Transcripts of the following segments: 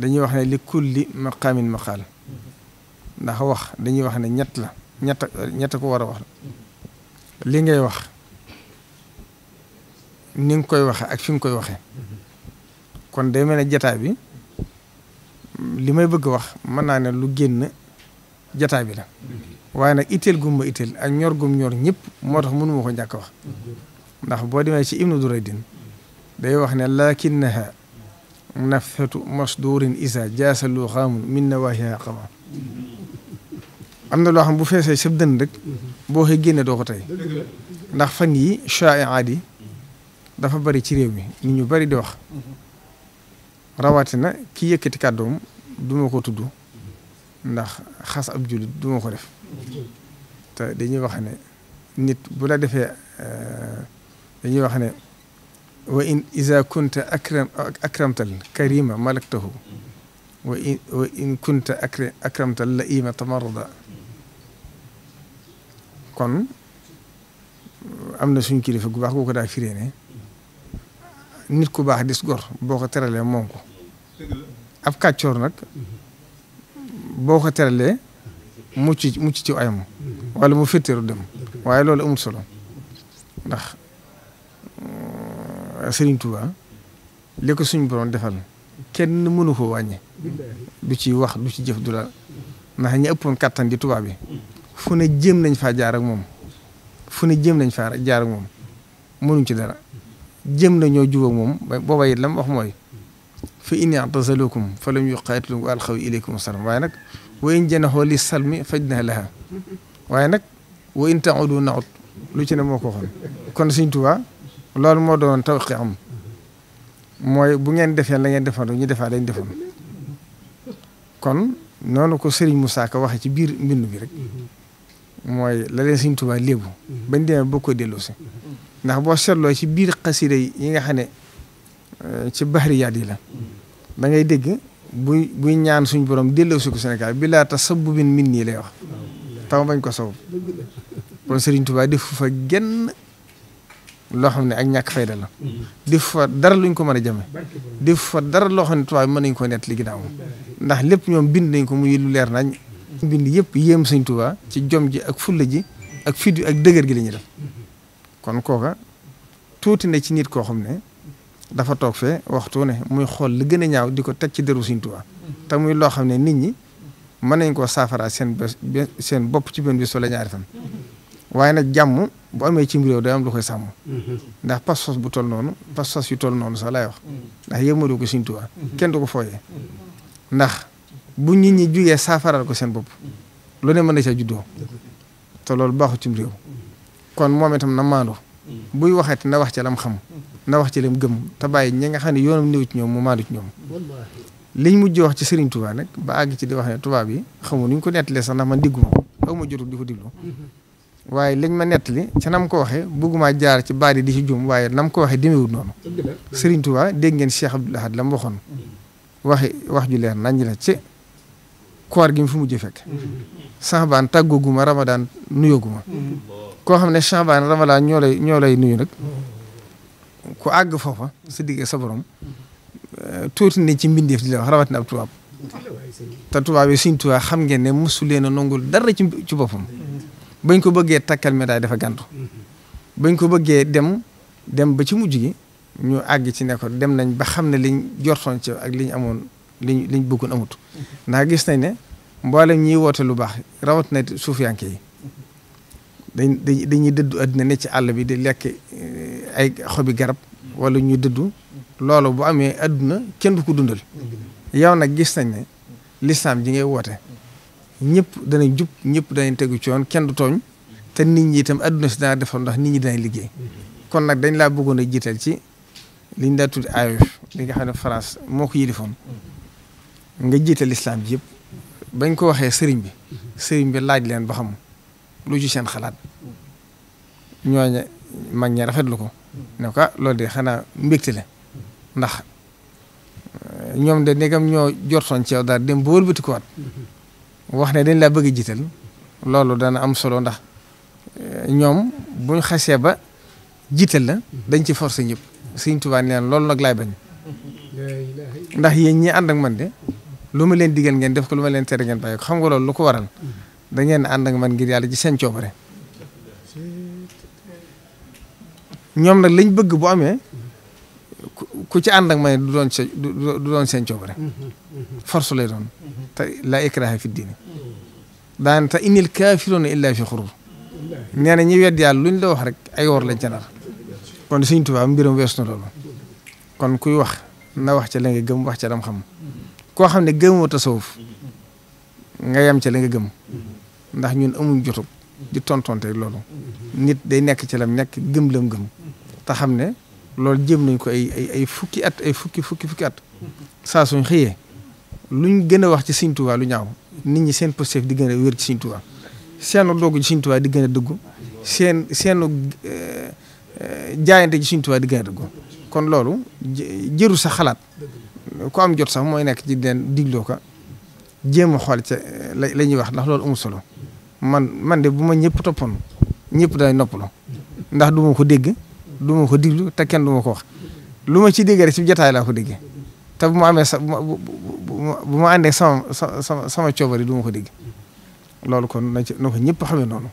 dañuy wax ne li kulli maqaamin maqaal ndax wax dañuy wax ne ñett la ñett ñett ko war a wax li ngay wax ni nga koy waxe ak fi nga koy waxe kon day mel ne jataa bi li may bëgg wax mën naa ne lu génn jataa bi la waaye nag iteel gum ma ak ñor gum ñor ñëpp moo tax mënuma ko ñàkk wax ndax boo demee ci ibnu duraydin day wax ne lakinnaha نفحة مصدور إذا جاس اللغام من نواهي قمع أمن الله بو فيسي سبدن دك بو هجين دوغتاي ناك فني شائع عادي دفا باري تريوي نيو باري دوغ رواتنا كي يكت كادوم دوما كو تدو ناك خاص أبجول دوما كو تا دي نيو نيت بولا دفع آه، دي نيو وإن إذا كنت أكرم أكرمت الكريم ملكته وإن, وإن كنت أكرم أكرمت اللئيم تمرد كن أمنا سنكي لفق باحكو كدا فرين نتكو باح ديس غور بوغة ترى لي مونكو أفكا تشورنك بوغة ترى لي موشي موشي تيو أيمو ولا مفتر دم ولا لا نخ Euh, Serigne Touba li suñ suñu borom defal kenn mënu koo wàññi du ci wax du ci jëf du la ndax ñi ëppoon kattan di Touba bi fu ne jëm nañ fa jaar moom fu ne jëm nañ faa jaar moom mënuñ ci dara jëm nañoo jub ak moom booba it lam wax mooy fa in i'tazalukum fa lam yuqaatilukum wa alqaw ilaykum waaye nag wa in janaxoo li salmi fajnah waaye nag wa in lu ci ne moo ko kon Serigne Touba loolu moo doon tawqi am mooy bu ngeen defee la ngeen defoon ñu defaat dañ defoon kon noonu ko sëriñ mu Ka waxee ci biir mbind bi rek mooy la leen Serigne Touba léebu bañ demee boo ko delloo si ndax boo seetloo ci biir xasida yi nga xam ne euh, ci bahriyaat yi la da ngay dégg bu buy ñaan suñu borom delloo si ko Sénégal bi laa tax sabubin min nii lay wax taw bañ ko sabab kon Serigne Touba defu fa genn loo xam ne ak ñàkk fayda la mhm. def fa dara ko mën a jame def dara loo xam ne tubaab mën nañ ko nett li ginnaaw ndax lépp ñoom bind nañ ko muy lu leer nañ bind yëpp yéem sëñ Tuubaa ci jom ji ak fulla ji ak fit ak dëgër gi la ñuy def kon kooka tuuti na ci nit koo xam ne dafa toog fee waxtu ne muy xool li gën a ñaaw di ko teg ci deru sëñ Tuubaa te muy loo xam ne nit ñi mën nañ ko saafara seen seen bopp ci benn bis wala ñaari fan waaye nag jàmm bu amee cim réew day am lu koy sàmm. Mhm. ndax pas-pas bu toll noonu pas-pas yu toll noonu sax laay wax. Mhm. ndax yëmmaloo ko Sëriñ mhm. ko fooyee. ndax bu nit ñi jugee saafaral ko seen bopp. lu ne mën na ca juddoo. te loolu baaxu cim réew. kon moom itam na maandu. buy waxati na wax ci lam xam. na wax ci lam gëm te bàyyi ñi nga xam ne yoonam néew ci ñoom mu maandu ci ñoom. liñ mujj wax ci Sëriñ Tuubaa nag ba àgg ci di wax ne tubaab yi xamu nuñ ko nettalee sax ndax man diggu ma ko aw ma jotul di ko diglu. waaye liñ ma nettali ca nam ko waxee bëgguma jaar ci baat yi di ci juum waaye nam ko waxee demewut noonu Serigne Touba dégg ngeen Cheikh Abdoul Ahad la mu mm-hmm. wax ju leer nañ la ci koor gi mu fi mujj fekk Saxbaan mm-hmm. tàggooguma Ramadan nuyooguma mm-hmm. koo xam ne Saxbaan Ramadan ñoo lay ñoo lay nuyu nag ku àgg foofa sa digg sa borom euh, ci mbindeef di la wax rawatina ab tubaab te tubaab yi Serigne Touba xam ngeen ne mosu a nangul dara ci ci boppam bañ ko bëggee takkal médaille dafa gàntu bañ ko bëggee dem dem ba ci mujj gi ñu àgg ci ne dem nañ ba xam ne liñ jortoon ci ak liñ amoon liñ liñ bëggoon amut ndax gis nañ ne mboolem ñiy woote lu baax rawat na suufiyanke yi dañ dañuy dëddu àddina ne ci àll bi di lekk eh, ay xobi garab wala ñuy dëddu loolu bu amee àdduna kenn du ko dundal yow nag gis nañ ne lislaam ji ngay woote ñëpp danañ jub ñëpp danañ tegu ci yoon kenn du tooñ te nit ñi itam adduna si dana defar ndax nit ñi danañ liggéey kon nag dañ laa bëggoon a jiital ci liñ daa tudd AOF li xam ne France moo ko yilifoon nga jiital islam bi yëpp bañ ko waxee sëriñ bi sëriñ bi laaj leen ba xam lu ci seen xalaat ñooña mag ñi rafetlu ko ne ko ah loolu de xanaa mbégte la ndax eh, ñoom de ndegam ñoo jortoon ci yow daal dem ba wëlbatikuwaat wax ne dañ laa bëgg a loolu dana am solo ndax eh, ñoom buñ xasee ba jiital la dañ ci forcé ñëpp Sëriñ Tuubaa nee loolu nag laay bañ ndax yéen ñi ànd ak man de lu ma leen digal ngeen def ko lu ma leen tere ngeen bàyyi xam nga loolu lu ko waral dangeen ngeen ànd ak man ngir yàlla ci seen coobare ñoom nag lañ bëgg bu amee ku ci ànd ak man du doon du doon seen coobare force lay doon. te laa ikraha fi diini daan te inil kaafiruuna illa fi xurur nee ñi wedd yàlla luñ la wax rek ay wor lañ ca nar kon Sëñ Tuubaa mbiram wees na loolu kon kuy wax na wax ca la nga gëm wax ca dam xam koo xam ne gëmoo tasawuf nga yem ca la nga ndax ñun amuñ jotug di tontonte loolu nit day nekk ci lam nekk gëm lam gëm te xam ne loolu jëm nañ ko ay ay ay fukki at ay fukki fukki at saa suñ xëyee luñ gën a wax ci Sëñ Tuubaa lu ñaaw nit ñi seen positif di gën a wér ci Sëñ Tuubaa seenu doogu ci di gën a dëggu seen seenu eh, jaayante ci Sëñ Tuubaa di gën a dëggu kon loolu jëru sa xalaat ku am jot sax mooy nekk ci den digloo ka jéem a xool ca eh, la ñuy wax ndax loolu amul solo man man de bu ma ñëpp toppoon ñëpp day noppalu ndax du ma ko dégg du ma ko diglu te kenn du ma ko wax lu ma ci dégg rek ci jotaay laa ko déggee. te bu mu amee sa bu bu ma àndee sama sama sama coobari du ma ko dégg loolu kon na ci na ko ñëpp xamee noonu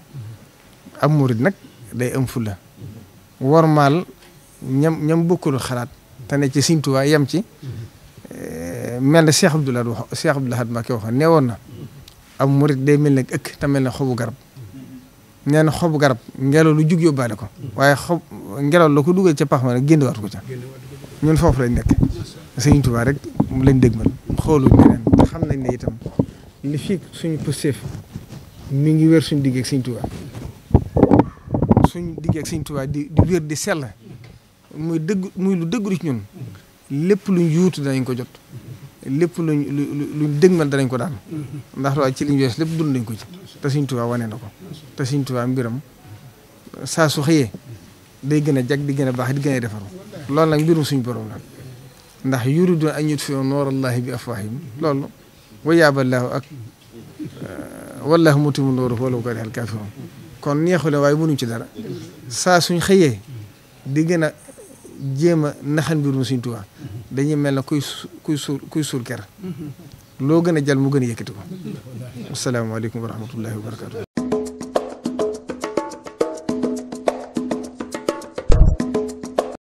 am murit nag day am fulla wormaal ñam ñam bokkul xalaat te ne ci yam Tuubaa yem ci eh, mel na Cheikh Abdoul Ahad wax Cheikh Abdoul Ahad Mbacké waxoon nee woon na am murid day mel ne ëkk mel ne xobu garab nee na xobu garab ngelaw lu jug yóbbaale ko waaye xob ngelaw la ko dugal ca pax ma ne génn waat ko ca ñun foofu lañ nekk. Sëriñ Tuubaa rek lañ dégmal xoolu neneen te xam nañ ne itam li fi suñu pësteef mi ngi wér suñ digg ak Sëriñ Tuubaa suñu digg ak Sëriñ Tuubaa di di wér di sell muy dëgg muy lu dëggul ci ñun lépp luñ yuutu danañ ko jot lépp luñ luñ dégmal danañ ko daal ndax loolu ci liñ wees lépp dund nañ ko ci te Sëriñ Tuubaa wane na ko te Sëriñ Tuubaa mbiram saa su xëyee day gën a jag di gën a baax di gën a defaru loolu nag mbirum suñu borom la ndax yuridun an yutfiu noor allahi bi afwahim loolu wa yaaballaahu ak uh, wallahu mutimu nooruhu walaw kariha alkafirun kon neexu leen waaye mënuñ ci dara saa suñ xëyee di gën a jéem a naxal mbirum suñ Tuubaa dañuy mel ne kuy kuy suul kuy ker loo gën a jal mu gën a yëkkati ko asalaamaaleykum wa rahmatullahi wa barakatu